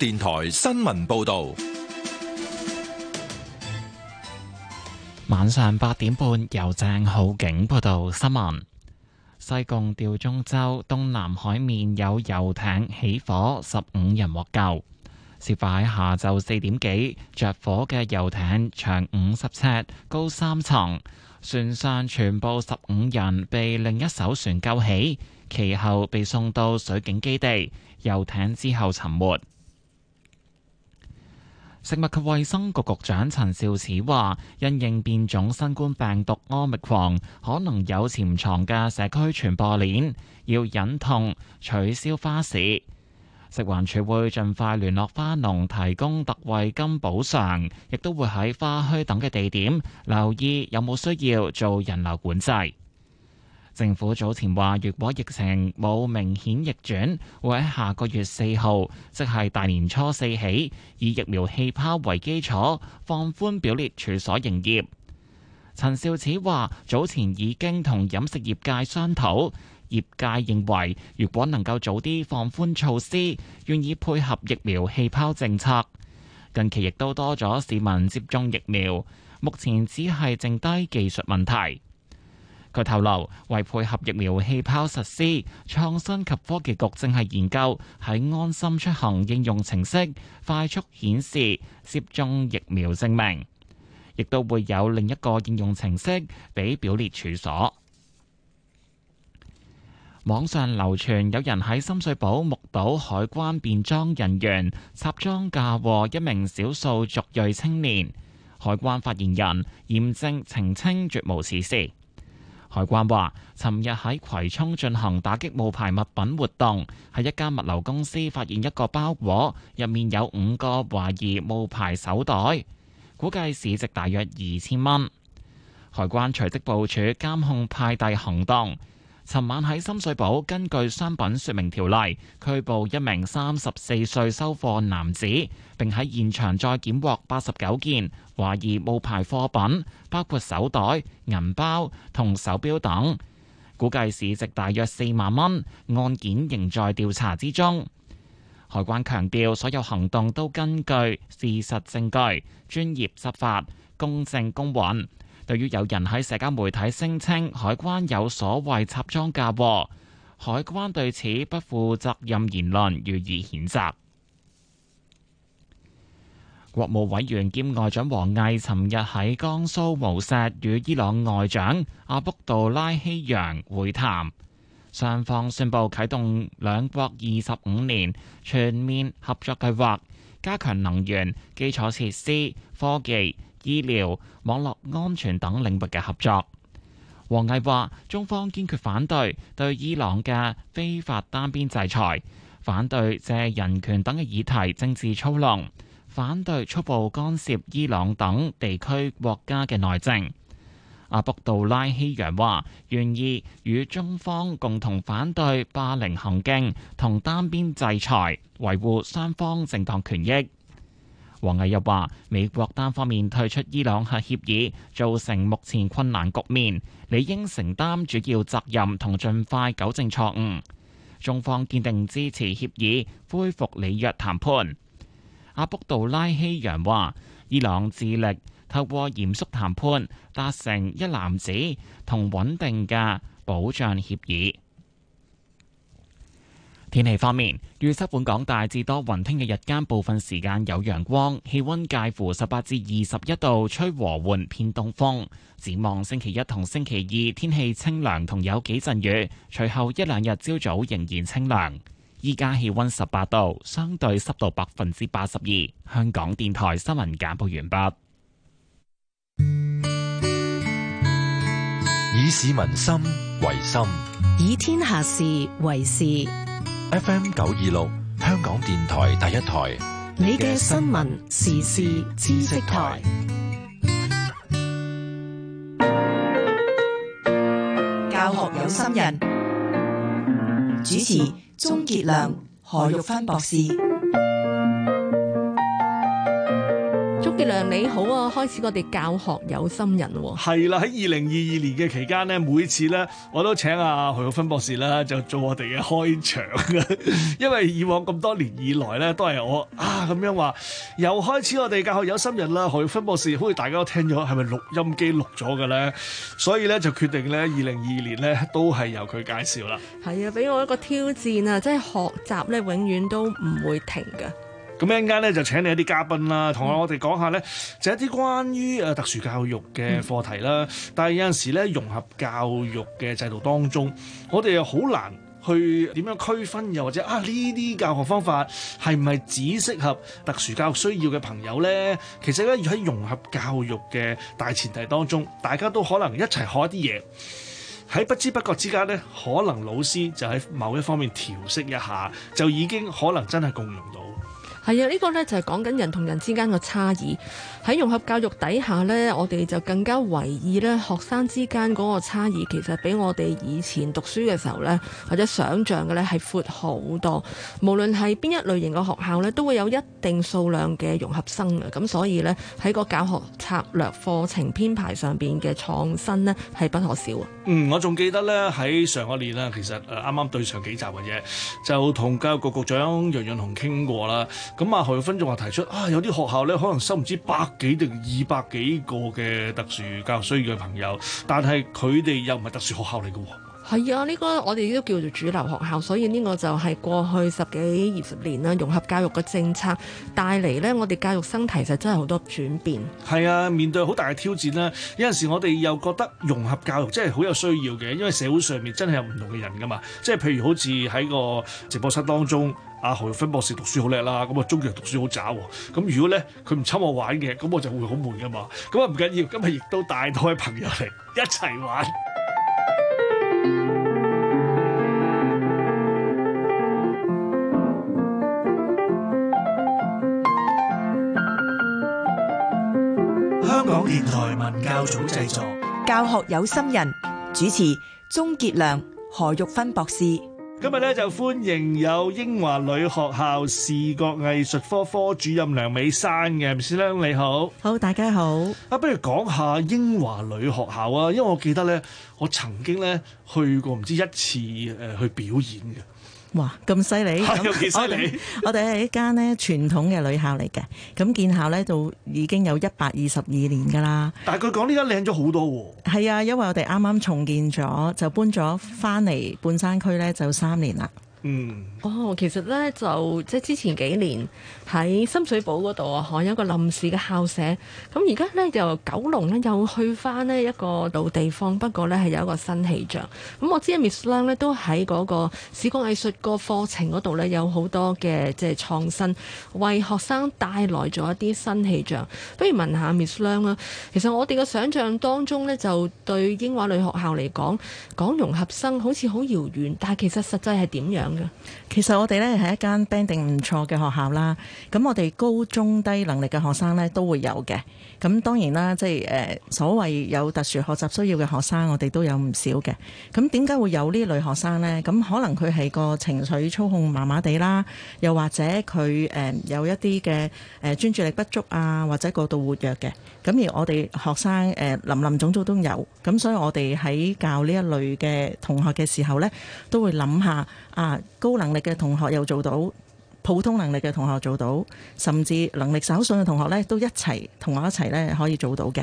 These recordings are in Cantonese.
電台新聞報道，晚上八點半由鄭浩景報道新聞。西貢吊鐘洲東南海面有游艇起火，十五人獲救。事發喺下晝四點幾，着火嘅游艇長五十尺，高三層，船上全部十五人被另一艘船救起，其後被送到水警基地。游艇之後沉沒。食物及衛生局局長陳肇始話，因應變種新冠病毒 Omicron，可能有潛藏嘅社區傳播鏈，要忍痛取消花市。食環署會盡快聯絡花農提供特惠金補償，亦都會喺花墟等嘅地點留意有冇需要做人流管制。政府早前話，如果疫情冇明顯逆轉，會喺下個月四號，即係大年初四起，以疫苗氣泡為基礎，放寬表列處所營業。陳肇始話：早前已經同飲食業界商討，業界認為如果能夠早啲放寬措施，願意配合疫苗氣泡政策。近期亦都多咗市民接種疫苗，目前只係剩低技術問題。佢透露，為配合疫苗氣泡實施，創新及科技局正係研究喺安心出行應用程式快速顯示接種疫苗證明，亦都會有另一個應用程式俾表列處所。網上流傳有人喺深水埗目睹海關便裝人員插贓嫁禍一名少數族裔青年，海關發言人嚴正澄清，絕無此事。海關話，尋日喺葵涌進行打擊冒牌物品活動，喺一家物流公司發現一個包裹，入面有五個懷疑冒牌手袋，估計市值大約二千蚊。海關隨即部署監控派遞行動。尋晚喺深水埗，根據商品説明條例拘捕一名三十四歲收貨男子，並喺現場再檢獲八十九件懷疑冒牌貨品，包括手袋、銀包同手錶等，估計市值大約四萬蚊。案件仍在調查之中。海關強調，所有行動都根據事實證據、專業執法、公正公允。對於有人喺社交媒體聲稱海關有所謂插贓嫁禍，海關對此不負責任言論，予以譴責。國務委員兼外長王毅尋日喺江蘇無錫與伊朗外長阿卜杜拉希揚會談，雙方宣布啟動兩國二十五年全面合作計劃，加強能源、基礎設施、科技、醫療、網絡安全等領域嘅合作。王毅話：中方堅決反對對伊朗嘅非法單邊制裁，反對借人權等嘅議題政治操弄，反對粗暴干涉伊朗等地區國家嘅內政。阿卜杜拉希揚話：願意與中方共同反對霸凌行徑同單邊制裁，維護雙方正當權益。王毅又話：美國單方面退出伊朗核協議，造成目前困難局面，理應承擔主要責任，同盡快糾正錯誤。中方堅定支持協議恢復履約談判。阿卜杜拉希揚話：伊朗致力透過嚴肅談判達成一籃子同穩定嘅保障協議。天氣方面，預測本港大致多雲。聽日日間部分時間有陽光，氣溫介乎十八至二十一度，吹和緩偏東風。展望星期一同星期二天氣清涼同有幾陣雨，隨後一兩日朝早仍然清涼。依家氣溫十八度，相對濕度百分之八十二。香港電台新聞簡報完畢。以市民心為心，以天下事為事。FM 九二六，香港電台第一台，你嘅新聞時事知識台，教學有心人，嗯、主持鍾傑良、何玉芬博士。你好啊，開始我哋教學有心人喎、哦。係啦、啊，喺二零二二年嘅期間呢，每次呢，我都請阿、啊、何玉芬博士啦，就做我哋嘅開場 因為以往咁多年以來呢，都係我啊咁樣話，又開始我哋教學有心人啦。何玉芬博士，好似大家都聽咗，係咪錄音機錄咗嘅呢？所以呢，就決定呢，二零二二年呢，都係由佢介紹啦。係啊，俾我一個挑戰啊，即係學習呢，永遠都唔會停㗎。咁一陣間咧，就請你一啲嘉賓啦，同我我哋講下咧，就是、一啲關於特殊教育嘅課題啦、嗯。但係有陣時咧，融合教育嘅制度當中，我哋又好難去點樣區分，又或者啊呢啲教學方法係唔係只適合特殊教育需要嘅朋友咧？其實咧，要喺融合教育嘅大前提當中，大家都可能一齊學一啲嘢，喺不知不覺之間咧，可能老師就喺某一方面調適一下，就已經可能真係共融到。係啊，呢個呢就係講緊人同人之間嘅差異。喺融合教育底下呢，我哋就更加留意呢。學生之間嗰個差異，其實比我哋以前讀書嘅時候呢，或者想像嘅呢，係闊好多。無論係邊一類型嘅學校呢，都會有一定數量嘅融合生嘅。咁所以呢，喺個教學策略、課程編排上邊嘅創新呢，係不可少啊。嗯，我仲記得呢，喺上一年咧，其實啱啱對上幾集嘅嘢，就同教育局局長楊潤雄傾過啦。咁啊，何玉芬仲話提出啊，有啲學校呢，可能收唔知百幾定二百幾個嘅特殊教育需要嘅朋友，但係佢哋又唔係特殊學校嚟嘅喎。係啊，呢個我哋都叫做主流學校，所以呢個就係過去十幾二十年啦，融合教育嘅政策帶嚟咧，我哋教育生態就真係好多轉變。係啊，面對好大嘅挑戰啦，有陣時我哋又覺得融合教育真係好有需要嘅，因為社會上面真係有唔同嘅人噶嘛，即係譬如好似喺個直播室當中。阿何玉芬博士讀書好叻啦，咁啊中人讀書好渣喎，咁如果咧佢唔摻我玩嘅，咁我就會好悶㗎嘛，咁啊唔緊要，今日亦都帶多位朋友嚟一齊玩。香港電台文教組製作，教學有心人主持，鍾傑良、何玉芬博士。今日咧就歡迎有英華女學校視覺藝術科科主任梁美珊嘅老師，你好。好，大家好啊！不如講下英華女學校啊，因為我記得咧，我曾經咧去過唔知一次誒、呃、去表演嘅。哇，咁犀利！咁、啊、 我哋我哋係一間咧傳統嘅女校嚟嘅，咁建校咧就已經有一百二十二年噶啦。但係佢講呢間靚咗好多喎、啊。係啊，因為我哋啱啱重建咗，就搬咗翻嚟半山區咧，就三年啦。嗯，哦，其實咧就即係之前幾年喺深水埗嗰度啊，可能有一個臨時嘅校舍。咁而家咧就九龍咧又去翻咧一個老地方，不過咧係有一個新氣象。咁我知 Miss 梁咧都喺嗰個視覺藝術個課程嗰度咧有好多嘅即係創新，為學生帶來咗一啲新氣象。不如問下 Miss 梁啦。其實我哋嘅想象當中咧就對英華女學校嚟講，講融合生好似好遙遠，但係其實實際係點樣？其實我哋呢係一間 banding 唔錯嘅學校啦。咁我哋高中低能力嘅學生呢，都會有嘅。咁當然啦，即係誒所謂有特殊學習需要嘅學生，我哋都有唔少嘅。咁點解會有呢類學生呢？咁可能佢係個情緒操控麻麻地啦，又或者佢誒有一啲嘅誒專注力不足啊，或者過度活躍嘅。咁而我哋學生誒林林總總都有。咁所以我哋喺教呢一類嘅同學嘅時候呢，都會諗下啊～高能力嘅同學又做到，普通能力嘅同學做到，甚至能力稍遜嘅同學呢都一齊同我一齊呢可以做到嘅。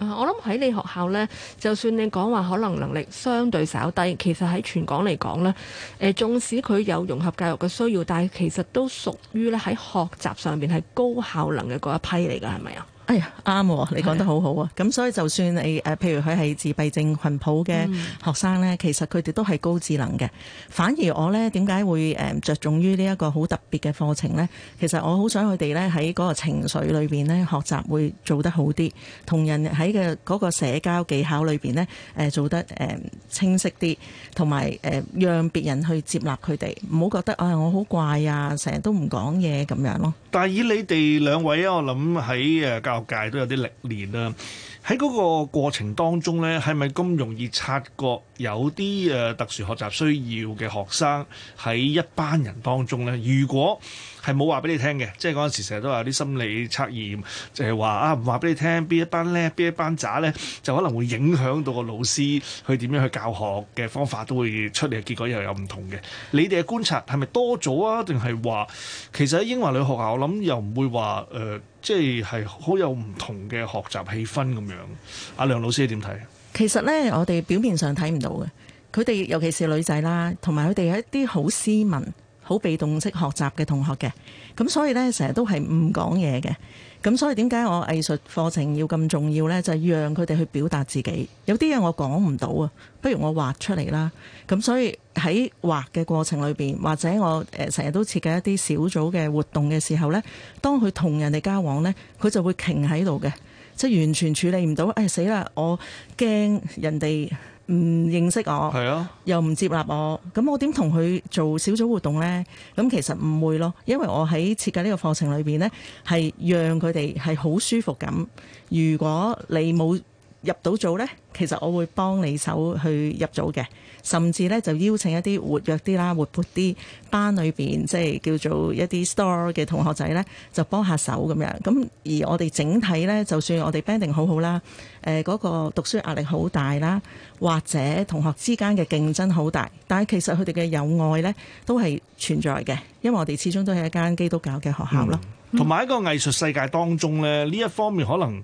我諗喺你學校呢，就算你講話可能能力相對稍低，其實喺全港嚟講呢，誒，縱使佢有融合教育嘅需要，但係其實都屬於咧喺學習上面係高效能嘅嗰一批嚟㗎，係咪啊？哎呀，啱、哦、你講得好好啊！咁所以就算你誒譬如佢係自閉症群譜嘅學生咧、嗯，其實佢哋都係高智能嘅。反而我咧，點解會誒着重於呢一個好特別嘅課程咧？其實我好想佢哋咧喺嗰個情緒裏邊咧學習會做得好啲，同人喺嘅嗰個社交技巧裏邊咧誒做得誒清晰啲，同埋誒讓別人去接納佢哋，唔好覺得啊、哎、我好怪啊，成日都唔講嘢咁樣咯。但係以你哋兩位啊，我諗喺誒。教界都有啲歷練啦，喺嗰個過程當中呢，係咪咁容易察覺有啲誒特殊學習需要嘅學生喺一班人當中呢？如果係冇話俾你聽嘅，即係嗰陣時成日都有啲心理測驗，就係、係、話啊，唔話俾你聽，邊一班叻，邊一班渣咧，就可能會影響到個老師去點樣去教學嘅方法都會出嚟，結果又有唔同嘅。你哋嘅觀察係咪多咗啊？定係話其實喺英華女學校，我，我諗又唔會話誒，即係好有唔同嘅學習氣氛咁樣。阿梁老師你點睇？其實咧，我哋表面上睇唔到嘅，佢哋尤其是女仔啦，同埋佢哋有一啲好斯文。好被動式學習嘅同學嘅，咁所以呢，成日都係唔講嘢嘅，咁所以點解我藝術課程要咁重要呢？就係要讓佢哋去表達自己。有啲嘢我講唔到啊，不如我畫出嚟啦。咁所以喺畫嘅過程裏邊，或者我誒成日都設計一啲小組嘅活動嘅時候呢，當佢同人哋交往呢，佢就會停喺度嘅，即係完全處理唔到。誒死啦！我驚人哋，唔認識我，又唔接納我，咁我點同佢做小組活動呢？咁其實唔會咯，因為我喺設計呢個課程裏面呢，係讓佢哋係好舒服咁。如果你冇，入到組呢，其實我會幫你手去入組嘅，甚至呢就邀請一啲活躍啲啦、活潑啲班裏面，即係叫做一啲 store 嘅同學仔呢，就幫下手咁樣。咁而我哋整體呢，就算我哋 banding 好好啦，誒嗰個讀書壓力好大啦，或者同學之間嘅競爭好大，但係其實佢哋嘅友愛呢，都係存在嘅，因為我哋始終都係一間基督教嘅學校咯。同埋，嗯，嗯，一個藝術世界當中呢，呢一方面可能。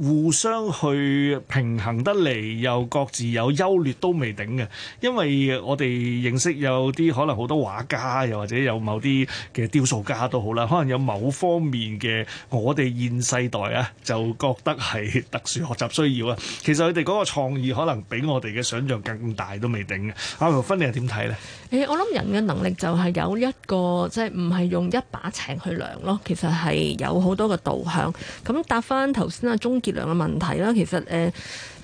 互相去平衡得嚟，又各自有優劣都未定嘅。因為我哋認識有啲可能好多畫家，又或者有某啲嘅雕塑家都好啦。可能有某方面嘅，我哋現世代啊就覺得係特殊學習需要啊。其實佢哋嗰個創意可能比我哋嘅想象更大都未定嘅。阿胡芬，你又點睇咧？誒、欸、我諗人嘅能力就係有一個即係唔係用一把尺去量咯。其實係有好多嘅導向。咁答翻頭先啊中。熱量嘅問題啦，其實誒。呃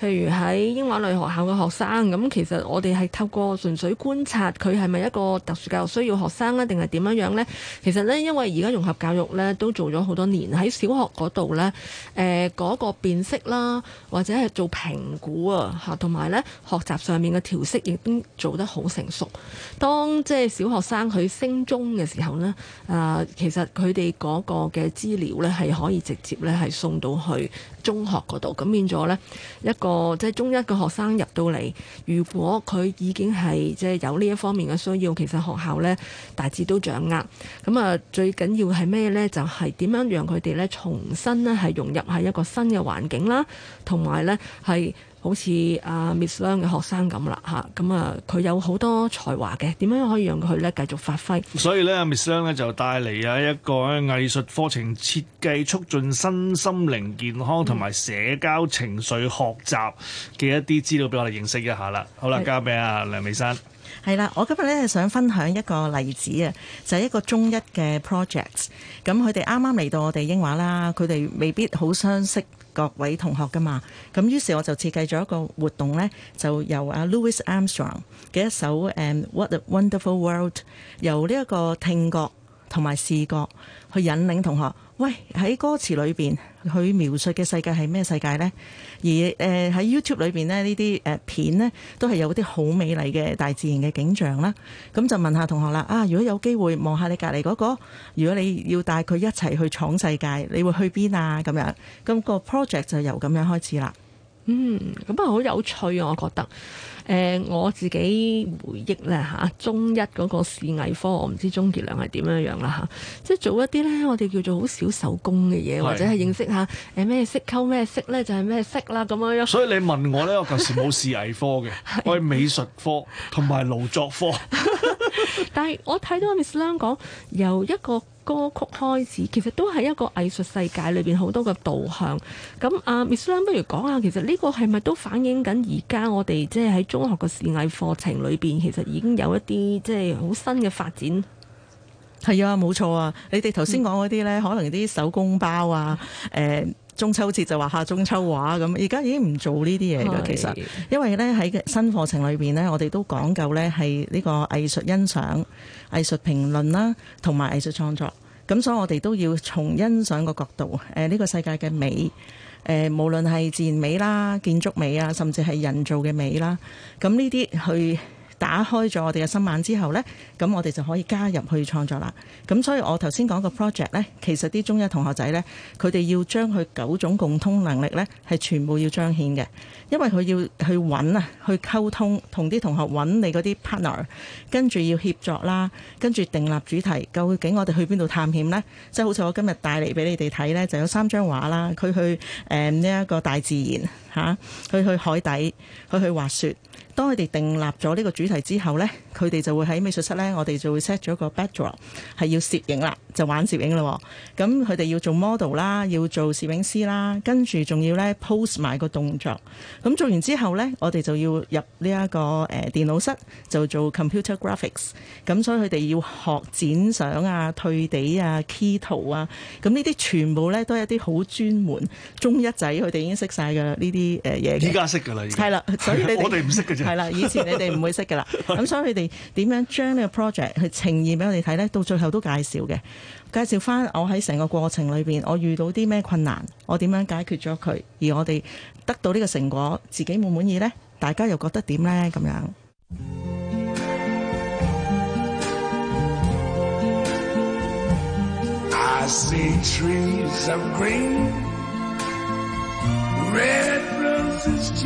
譬如喺英華類學校嘅學生，咁其實我哋係透過純粹觀察佢係咪一個特殊教育需要學生啊定係點樣樣咧？其實咧，因為而家融合教育咧都做咗好多年，喺小學度咧，誒、呃嗰個辨識啦，或者係做評估啊，吓同埋咧學習上面嘅調適亦都做得好成熟。當即係小學生佢升中嘅時候咧，啊、呃，其實佢哋個嘅資料咧係可以直接咧係送到去中學度，咁變咗咧一個。哦，即係中一嘅學生入到嚟，如果佢已經係即係有呢一方面嘅需要，其實學校呢大致都掌握。咁啊，最緊要係咩呢？就係點樣讓佢哋呢重新呢係融入喺一個新嘅環境啦，同埋呢係。好似啊 Miss Leung 嘅學生咁啦，嚇咁啊，佢有好多才華嘅，點樣可以讓佢咧繼續發揮？所以咧 Miss Leung 咧就帶嚟啊一個藝術課程設計，促進身心靈健康同埋社交情緒學習嘅一啲資料俾我哋認識一下啦。好啦，交俾阿梁美珊。係啦，我今日咧係想分享一個例子啊，就係、是、一個中一嘅 projects，咁佢哋啱啱嚟到我哋英華啦，佢哋未必好相識。各位同學㗎嘛，咁於是我就設計咗一個活動呢，就由阿 Louis Armstrong 嘅一首《What a Wonderful World》，由呢一個聽覺同埋視覺去引領同學，喂喺歌詞裏面。」佢描述嘅世界係咩世界咧？而誒喺 YouTube 裏邊咧，呢啲誒片咧都係有啲好美麗嘅大自然嘅景象啦。咁就問下同學啦。啊，如果有機會望下你隔離嗰個，如果你要帶佢一齊去闖世界，你會去邊啊？咁樣，咁個 project 就由咁樣開始啦。嗯，咁啊好有趣啊，我覺得，誒我自己回憶咧嚇，中一嗰個視藝科，我唔知鐘傑良係點樣樣啦嚇，即係做一啲咧，我哋叫做好少手工嘅嘢，或者係認識下咩色溝咩色咧，就係咩色啦咁樣。所以你問我咧，我舊時冇視藝科嘅， 我係美術科同埋勞作科。 但係我睇到 Miss Leung 講由一個。歌曲開始，其實都係一個藝術世界裏邊好多嘅導向。咁啊，Miss Lam，不如講下其實呢個係咪都反映緊而家我哋即係喺中學嘅視藝課程裏邊，其實已經有一啲即係好新嘅發展？係啊，冇錯啊，你哋頭先講嗰啲呢，可能啲手工包啊，誒、欸。中秋節就話下中秋畫咁，而家已經唔做呢啲嘢㗎。其實，因為咧喺新課程裏邊咧，我哋都講究咧係呢個藝術欣賞、藝術評論啦，同埋藝術創作。咁所以，我哋都要從欣賞個角度，誒、這、呢個世界嘅美，誒無論係自然美啦、建築美啊，甚至係人造嘅美啦，咁呢啲去。打開咗我哋嘅心眼之後呢，咁我哋就可以加入去創作啦。咁所以我頭先講個 project 呢，其實啲中一同學仔呢，佢哋要將佢九種共通能力呢，係全部要彰顯嘅，因為佢要去揾啊，去溝通，同啲同學揾你嗰啲 partner，跟住要協助啦，跟住定立主題。究竟我哋去邊度探險呢？即係好似我今日帶嚟俾你哋睇呢，就有三張畫啦。佢去誒呢一個大自然嚇、啊、去去海底，去去滑雪。當佢哋訂立咗呢個主題之後呢，佢哋就會喺美術室呢，我哋就會 set 咗個 bedroom 係要攝影啦，就玩攝影咯。咁佢哋要做 model 啦，要做攝影師啦，跟住仲要呢 post 埋個動作。咁做完之後呢，我哋就要入呢一個誒電腦室，就做 computer graphics。咁所以佢哋要學剪相啊、退地啊、key 圖啊。咁呢啲全部呢，都係一啲好專門。中一仔，佢哋已經識晒㗎啦呢啲誒嘢。依家識㗎啦，係啦，所以 我哋唔識㗎啫。係 啦，以前你哋唔會識噶啦，咁 所以佢哋點樣將呢個 project 去呈現俾我哋睇呢？到最後都介紹嘅，介紹翻我喺成個過程裏邊，我遇到啲咩困難，我點樣解決咗佢，而我哋得到呢個成果，自己滿唔滿意呢？大家又覺得點呢？咁樣。I see trees of green, Red roses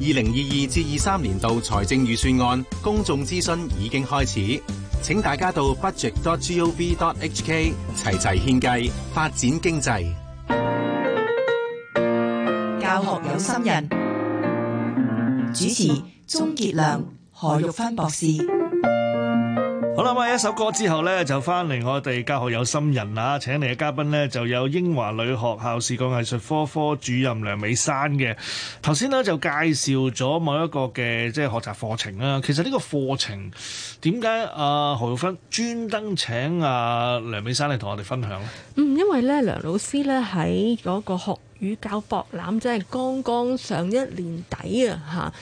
二零二二至二三年度財政預算案公眾諮詢已經開始，請大家到 budget.gov.hk 齊齊獻計，發展經濟。教學有心人，主持鍾傑良、何玉芬博士。好啦，咁一首歌之後咧，就翻嚟我哋教學有心人啊，請嚟嘅嘉賓咧，就有英華女學校視覺藝術科科主任梁美珊嘅。頭先咧就介紹咗某一個嘅即係學習課程啦。其實呢個課程點解阿何玉芬專登請阿、啊、梁美珊嚟同我哋分享咧？嗯，因為咧梁老師咧喺嗰個學語教博覽真係剛剛上一年底啊！嚇，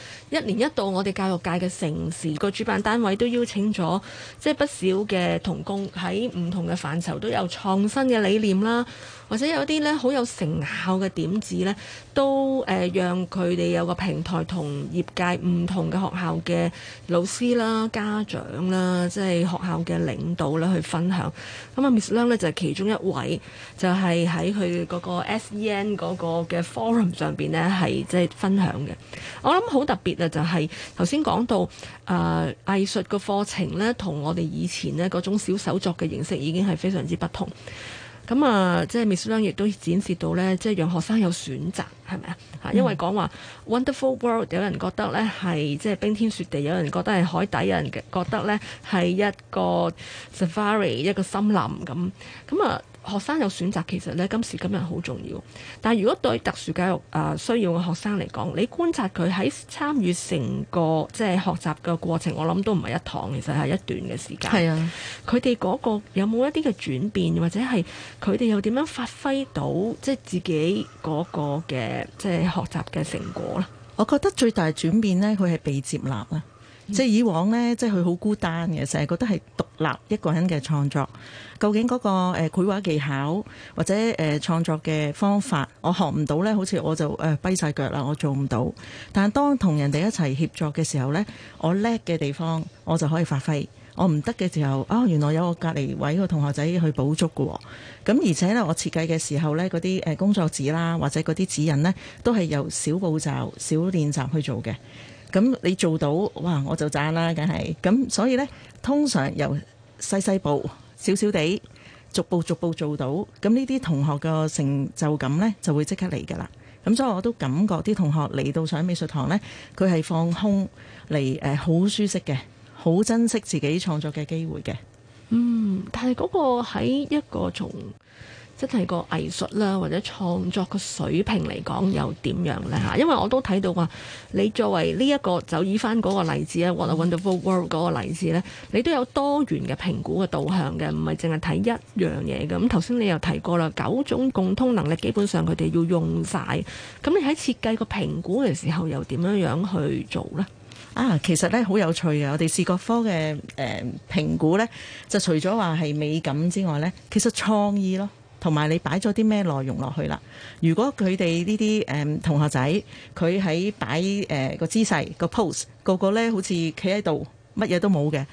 一年一度，我哋教育界嘅盛事，個主辦單位都邀請咗即係不少嘅同工，喺唔同嘅範疇都有創新嘅理念啦。或者有啲咧好有成效嘅點子咧，都誒讓佢哋有個平台同業界唔同嘅學校嘅老師啦、家長啦，即係學校嘅領導呢去分享。咁啊，Miss Leung 咧就係其中一位，就係喺佢嗰個 SEN 嗰個嘅 forum 上邊咧，係即係分享嘅。我諗好特別啊，就係頭先講到誒、呃、藝術嘅課程咧，同我哋以前咧嗰種小手作嘅形式已經係非常之不同。咁啊、呃，即係 Miss Leung 亦都展示到咧，即係讓學生有選擇，係咪啊？因為講話 Wonderful World，有人覺得咧係即係冰天雪地，有人覺得係海底，有人覺得咧係一個 Safari 一個森林咁，咁啊。學生有選擇，其實咧今時今日好重要。但係如果對特殊教育誒、呃、需要嘅學生嚟講，你觀察佢喺參與成個即係學習嘅過程，我諗都唔係一堂，其實係一段嘅時間。係啊，佢哋嗰個有冇一啲嘅轉變，或者係佢哋又點樣發揮到即係自己嗰個嘅即係學習嘅成果咧？我覺得最大轉變咧，佢係被接納啦。即係以往呢，即係佢好孤單嘅，成日覺得係獨立一個人嘅創作。究竟嗰個誒繪畫技巧或者誒創作嘅方法，我學唔到呢。好似我就誒跛晒腳啦，我做唔到。但係當同人哋一齊協作嘅時候呢，我叻嘅地方我就可以發揮；我唔得嘅時候，啊、哦、原來有我隔離位個同學仔去補足㗎喎。咁而且呢，我設計嘅時候呢，嗰啲誒工作紙啦，或者嗰啲指引呢，都係由小步驟、小練習去做嘅。咁你做到，哇！我就讚啦，梗係咁。所以呢，通常由細細步、少少地，逐步逐步做到，咁呢啲同學嘅成就感呢，就會即刻嚟㗎喇。咁所以我都感覺啲同學嚟到上美術堂呢，佢係放空嚟，誒好舒適嘅，好珍惜自己創作嘅機會嘅。嗯，但係嗰個喺一個從。即係個藝術啦，或者創作個水平嚟講又點樣咧嚇？因為我都睇到話，你作為呢、這、一個就以翻嗰個例子咧，《What a Wonderful World》嗰個例子咧，你都有多元嘅評估嘅導向嘅，唔係淨係睇一樣嘢嘅。咁頭先你又提過啦，九種共通能力基本上佢哋要用晒。咁你喺設計個評估嘅時候又點樣樣去做咧？啊，其實咧好有趣嘅，我哋視覺科嘅誒、呃、評估咧，就除咗話係美感之外咧，其實創意咯。同埋你擺咗啲咩內容落去啦？如果佢哋呢啲誒同學仔，佢喺擺誒個姿勢、個 pose，個個咧好似企喺度，乜嘢都冇嘅。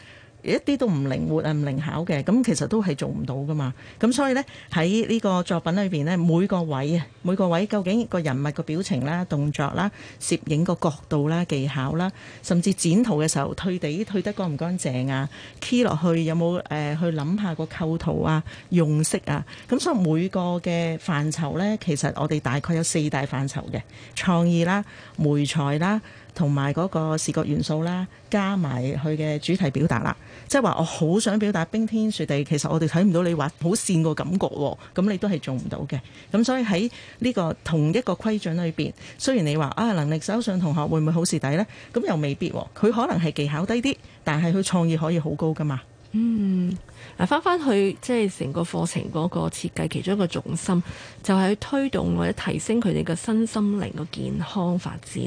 一啲都唔靈活啊，唔靈巧嘅，咁其實都係做唔到噶嘛。咁所以呢，喺呢個作品裏面呢，每個位啊，每個位究竟個人物個表情啦、動作啦、攝影個角度啦、技巧啦，甚至剪圖嘅時候退地退得乾唔乾淨啊，key 落去有冇、呃、去諗下個構圖啊、用色啊，咁所以每個嘅範疇呢，其實我哋大概有四大範疇嘅創意啦、媒材啦。同埋嗰個視覺元素啦，加埋佢嘅主題表達啦，即係話我好想表達冰天雪地，其實我哋睇唔到你畫好線個感覺喎，咁你都係做唔到嘅。咁所以喺呢個同一個規準裏邊，雖然你話啊能力手上同學會唔會好蝕底呢？咁又未必，佢可能係技巧低啲，但係佢創意可以好高噶嘛。嗯，嗱，翻翻去即係成個課程嗰個設計，其中一個重心就係去推動或者提升佢哋嘅身心靈嘅健康發展，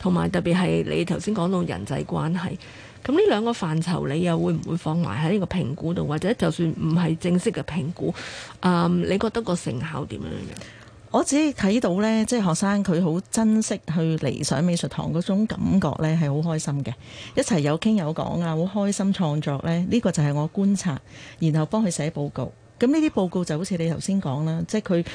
同埋特別係你頭先講到人際關係，咁呢兩個範疇你又會唔會放埋喺呢個評估度，或者就算唔係正式嘅評估，啊、嗯，你覺得個成效點樣樣？我只睇到呢，即係學生佢好珍惜去嚟上美術堂嗰種感覺呢係好開心嘅，一齊有傾有講啊，好開心創作呢。呢個就係我觀察，然後幫佢寫報告。咁呢啲報告就好似你頭先講啦，即係佢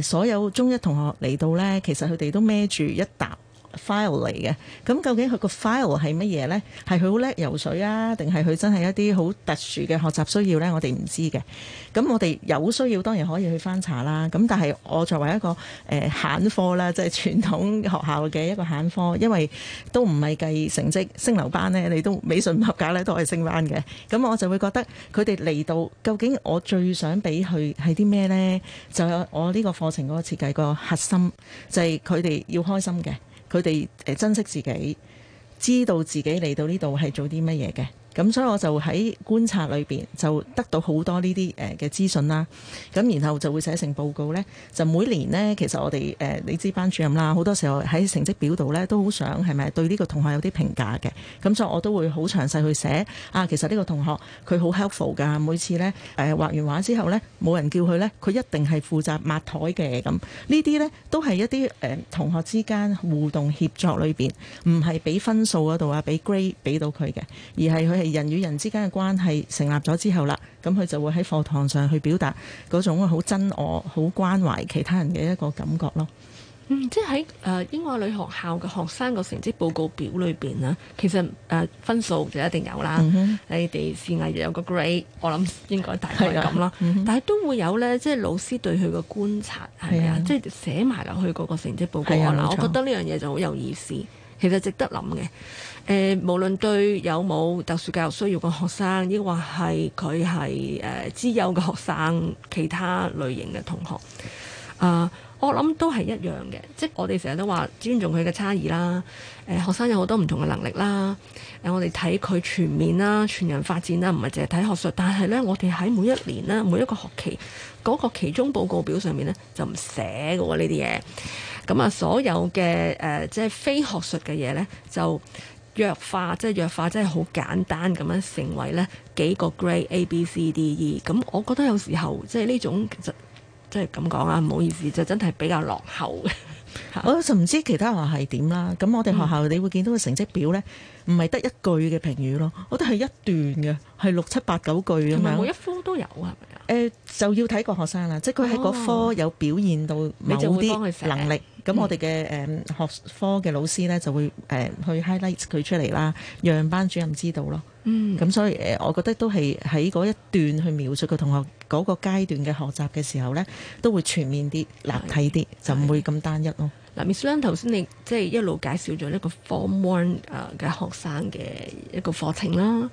誒所有中一同學嚟到呢，其實佢哋都孭住一沓 file 嚟嘅，咁究竟佢個 file 係乜嘢呢？係佢好叻游水啊，定係佢真係一啲好特殊嘅學習需要呢？我哋唔知嘅。咁我哋有需要當然可以去翻查啦。咁但係我作為一個誒、呃、限科啦，即係傳統學校嘅一個限科，因為都唔係計成績升留班咧，你都美術合格咧都係升班嘅。咁我就會覺得佢哋嚟到究竟我最想俾佢係啲咩呢？就有、是、我呢個課程嗰個設計個核心就係佢哋要開心嘅。佢哋誒珍惜自己，知道自己嚟到呢度係做啲乜嘢嘅。咁所以我就喺觀察裏邊就得到好多呢啲誒嘅資訊啦。咁然後就會寫成報告咧。就每年咧，其實我哋誒你知班主任啦，好多時候喺成績表度咧都好想係咪對呢個同學有啲評價嘅。咁所以我都會好詳細去寫啊，其實呢個同學佢好 helpful 噶，每次咧誒畫完畫之後咧，冇人叫佢咧，佢一定係負責抹台嘅。咁呢啲咧都係一啲誒、呃、同學之間互動協作裏邊唔係俾分數度啊，俾 grade 俾到佢嘅，而係佢係。人與人之間嘅關係成立咗之後啦，咁佢就會喺課堂上去表達嗰種好真我、好關懷其他人嘅一個感覺咯。嗯，即係喺誒英華女學校嘅學生個成績報告表裏邊啊，其實誒、呃、分數就一定有啦。嗯、你哋試下又有個 grade，我諗應該大概咁啦。是嗯、但係都會有呢，即係老師對佢嘅觀察係咪啊？即係寫埋落去嗰個成績報告，我覺得呢樣嘢就好有意思。其實值得諗嘅，誒，無論對有冇特殊教育需要嘅學生，亦或係佢係誒資優嘅學生，其他類型嘅同學，啊，我諗都係一樣嘅，即係我哋成日都話尊重佢嘅差異啦，誒，學生有好多唔同嘅能力啦，誒，我哋睇佢全面啦，全人發展啦，唔係淨係睇學術，但係咧，我哋喺每一年啦，每一個學期嗰個期中報告表上面咧，就唔寫嘅喎呢啲嘢。咁啊，所有嘅誒、呃、即係非學術嘅嘢咧，就弱化，即係弱化，即係好簡單咁樣成為咧幾個 grade A B C D E。咁我覺得有時候即係呢種其實即係咁講啊，唔好意思，就真係比較落後嘅。我就唔知其他學校係點啦？咁我哋學校你會見到個成績表咧，唔係得一句嘅評語咯，我都係一段嘅，係六七八九句咁樣。係咪每一科都有，係咪啊？誒、呃，就要睇個學生啦，即係佢喺嗰科有表現到某啲能力。哦。咁我哋嘅誒學科嘅老師咧就會誒去 highlight 佢出嚟啦，讓班主任知道咯。嗯，咁所以誒，我覺得都係喺嗰一段去描述個同學嗰個階段嘅學習嘅時候咧，都會全面啲、立體啲，就唔會咁單一咯。嗱、呃、Mr. l o n 頭先你即係、就是、一路介紹咗呢個 Form One 誒嘅學生嘅一個課程啦。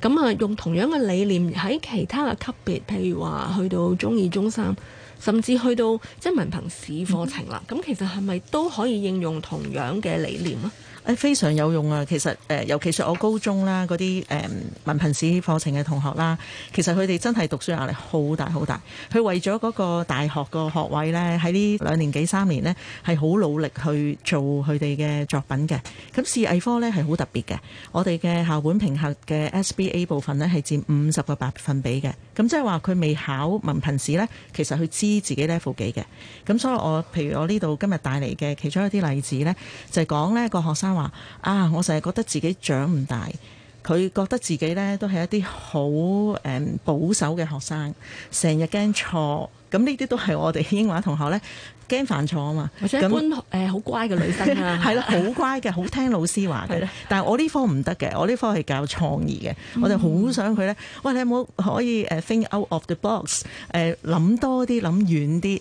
咁啊、呃，用同樣嘅理念喺其他嘅級別，譬如話去到中二、中三。甚至去到即文憑試課程啦，咁、嗯、其實係咪都可以應用同樣嘅理念啊？誒非常有用啊！其實誒尤其是我高中啦嗰啲誒文憑試課程嘅同學啦，其實佢哋真係讀書壓力好大好大。佢為咗嗰個大學個學位咧，喺呢兩年幾三年咧係好努力去做佢哋嘅作品嘅。咁視藝科咧係好特別嘅，我哋嘅校本評核嘅 SBA 部分咧係佔五十個百分比嘅。咁即係話佢未考文憑試咧，其實佢知。啲自己咧負幾嘅。咁所以我譬如我呢度今日帶嚟嘅其中一啲例子呢，就係講呢個學生話啊，我成日覺得自己長唔大，佢覺得自己呢都係一啲好誒保守嘅學生，成日驚錯，咁呢啲都係我哋英華同學呢。驚犯錯啊嘛！或者一般誒好乖嘅女生啊，係 啦，好乖嘅，好聽老師話嘅。 但係我呢科唔得嘅，我呢科係教創意嘅，我就好想佢咧，喂，你有冇可以誒 think out of the box？誒諗多啲，諗遠啲。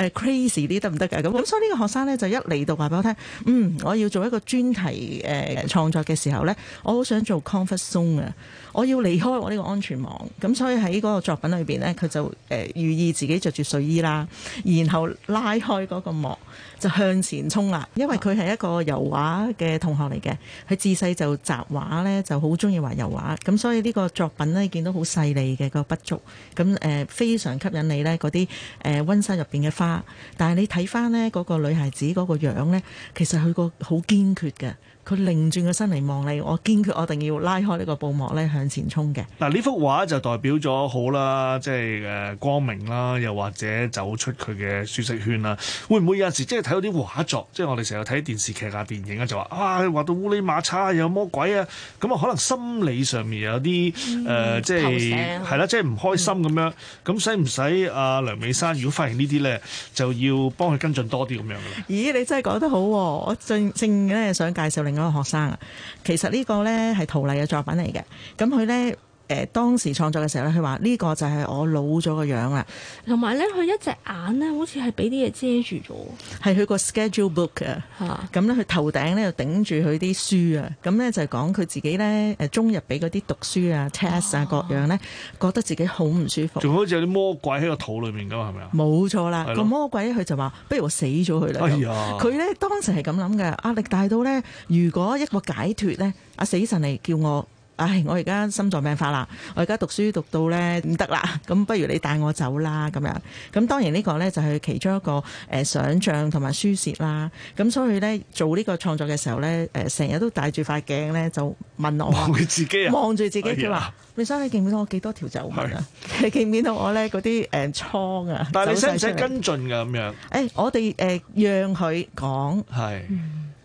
誒 crazy 啲得唔得㗎？咁咁所以呢個學生咧就一嚟到話俾我聽，嗯，我要做一個專題誒創作嘅時候咧，我好想做 comfort zone 啊！我要離開我呢個安全網，咁所以喺個作品裏邊咧，佢就誒寓意，自己着住睡衣啦，然後拉開嗰個幕就向前衝啦。因為佢係一個油畫嘅同學嚟嘅，佢自細就雜畫咧就好中意畫油畫，咁所以呢個作品咧見到好細膩嘅個筆觸，咁誒非常吸引你咧啲誒溫室入邊嘅花。但係你睇翻咧，嗰個女孩子嗰個樣咧，其實佢個好堅決嘅。佢擰轉個身嚟望你，我堅決，我一定要拉開呢個布幕咧向前衝嘅。嗱，呢幅畫就代表咗好啦，即係誒光明啦，又或者走出佢嘅舒適圈啦。會唔會有陣時即係睇到啲畫作，即係我哋成日睇電視劇啊、電影啊，就話哇畫到烏哩馬叉，有魔鬼啊？咁啊，可能心理上面有啲誒、嗯呃，即係係啦，即係唔開心咁、嗯、樣。咁使唔使阿梁美珊？如果發現呢啲咧，就要幫佢跟進多啲咁樣啦。咦，你真係講得好、啊，我正正咧想介紹另嗰、那個學生啊，其實呢個咧係陶泥嘅作品嚟嘅，咁佢咧。誒當時創作嘅時候咧，佢話呢個就係我老咗個樣啦，同埋咧佢一隻眼咧，好似係俾啲嘢遮住咗。係佢個 schedule book 啊，咁咧佢頭頂咧就頂住佢啲書啊，咁咧就講佢自己咧誒中日俾嗰啲讀書啊、test 啊各樣咧、啊，覺得自己好唔舒服。仲好似有啲魔鬼喺個肚裏面㗎嘛，係咪啊？冇錯啦，個魔鬼佢就話：不如我死咗佢啦！佢、哎、咧當時係咁諗嘅，壓力大到咧，如果一個解脫咧，阿死神嚟叫我。唉，我而家心臟病發啦！我而家讀書讀到咧唔得啦，咁不如你帶我走啦咁樣。咁當然呢個咧就係其中一個誒想像同埋抒洩啦。咁所以咧做呢個創作嘅時候咧，誒成日都戴住塊鏡咧，就問我望住自己啊，望住自己佢話：先生你見唔見到我幾多條皺紋啊？你見唔見到我咧嗰啲誒瘡啊？但係你使唔使跟進㗎咁樣？誒，我哋誒讓佢講，係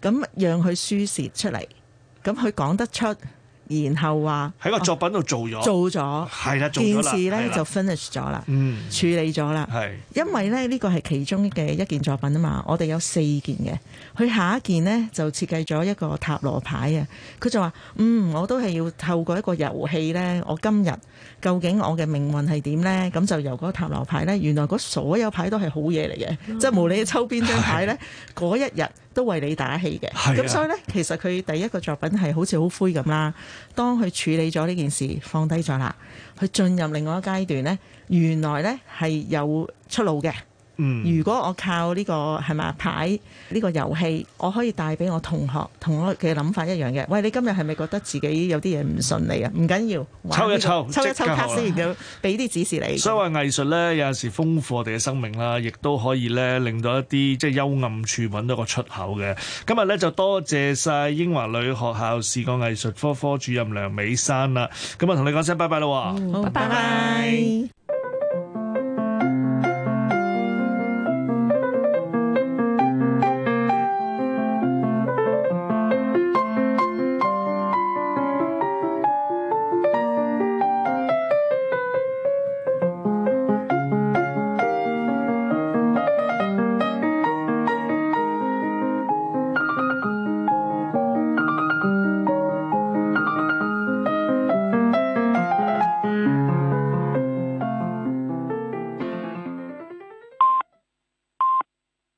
咁、嗯、讓佢抒洩出嚟，咁佢講得出。然後話喺個作品度做咗，做咗件事呢，就 finish 咗啦，處理咗啦。因為呢呢個係其中嘅一件作品啊嘛，我哋有四件嘅，佢下一件呢，就設計咗一個塔羅牌嘅。佢就話：嗯，我都係要透過一個遊戲呢，我今日。究竟我嘅命運係點呢？咁就由嗰個塔羅牌呢，原來嗰所有牌都係好嘢嚟嘅，即係無理抽邊張牌呢，嗰一日都為你打氣嘅。咁所以呢，其實佢第一個作品係好似好灰咁啦。當佢處理咗呢件事，放低咗啦，佢進入另外一個階段呢，原來呢係有出路嘅。嗯、如果我靠呢個係嘛牌呢個遊戲，我可以帶俾我同學同我嘅諗法一樣嘅。喂，你今日係咪覺得自己有啲嘢唔順利啊？唔緊要，抽一抽，這個、抽一抽卡先，要俾啲指示你。所謂藝術呢，有陣時豐富我哋嘅生命啦，亦都可以呢，令到一啲即係幽暗處揾到個出口嘅。今日呢，就多謝晒英華女學校視覺藝術科科主任梁美珊啦。噉我同你講聲拜拜咯！拜拜。拜拜。